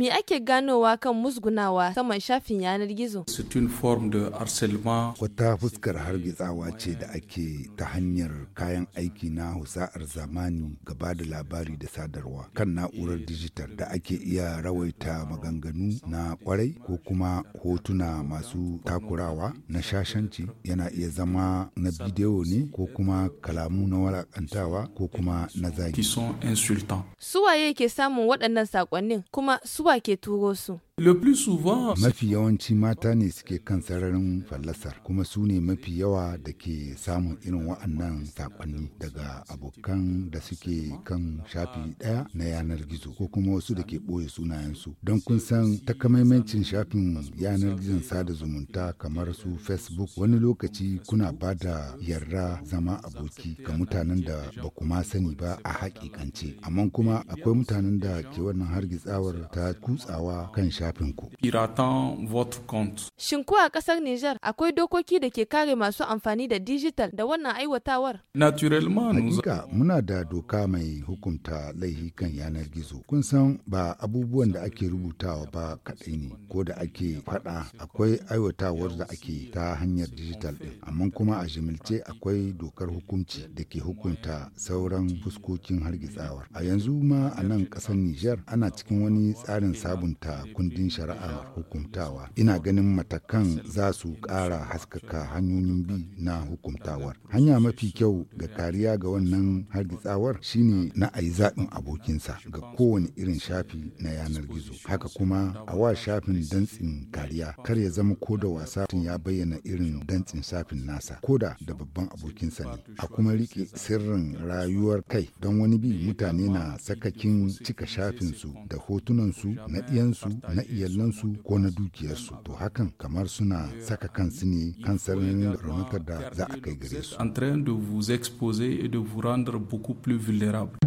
Me ake ganowa kan musgunawa saman shafin yanar gizo? Wata fuskar hargitsawa ce da ake ta hanyar kayan aiki na husa'ar zamani gaba da labari da sadarwa kan na'urar dijital da ake iya rawaita maganganu na kwarai ko kuma hotuna masu takurawa na shashanci yana iya zama na bidiyo ne ko kuma kalamu na walakantawa ko kuma na zagi. Suwaye ke samun waɗannan saƙonnin kuma suwa bai é tu Mafi yawanci mata ne suke kan sararin fallasar kuma su ne mafi yawa da ke samun irin wa'annan saƙonni daga abokan da suke kan shafi ɗaya na yanar gizo ko kuma wasu da ke ɓoye sunayensu. Don kun san takamaimancin shafin yanar gizon sada zumunta kamar su Facebook wani lokaci kuna ba da yarra zama aboki ga mutanen da ba kuma sani ba a haƙiƙance. Amma kuma akwai mutanen da ke wannan hargitsawar ta kutsawa kan shafi shafin ku. Shin ko a ƙasar Nijar akwai dokoki da ke kare masu amfani da dijital da wannan aiwatawar? Hakika muna da doka mai hukunta laihi kan yanar gizo. Kun san ba abubuwan da ake rubutawa ba kaɗai ne ko da ake faɗa akwai aiwatawar da ake ta hanyar dijital ɗin. Amma kuma a jimilce akwai dokar hukunci da ke hukunta sauran fuskokin hargitsawar. A yanzu ma a nan ƙasar Nijar ana cikin wani tsarin sabunta kundin kundin shari'a hukuntawa ina ganin matakan za su ƙara haskaka hanyoyin bi na hukuntawar hanya mafi kyau ga kariya ga wannan hargitsawar shine na a yi zaɓin abokinsa ga kowane irin shafi na yanar gizo haka kuma a wa shafin dantsin kariya kar ya zama ko da wasa ya bayyana irin dantsin shafin nasa ko da da babban abokinsa ne a kuma riƙe sirrin rayuwar kai don wani bi mutane na sakakin cika shafinsu da hotunansu na ɗiyansu na iyalansu ko na dukiyarsu to hakan kamar suna saka kansu ne kan sararin raunatar da za a kai gare su. en train de vous exposer et de vous rendre beaucoup plus vulnérable.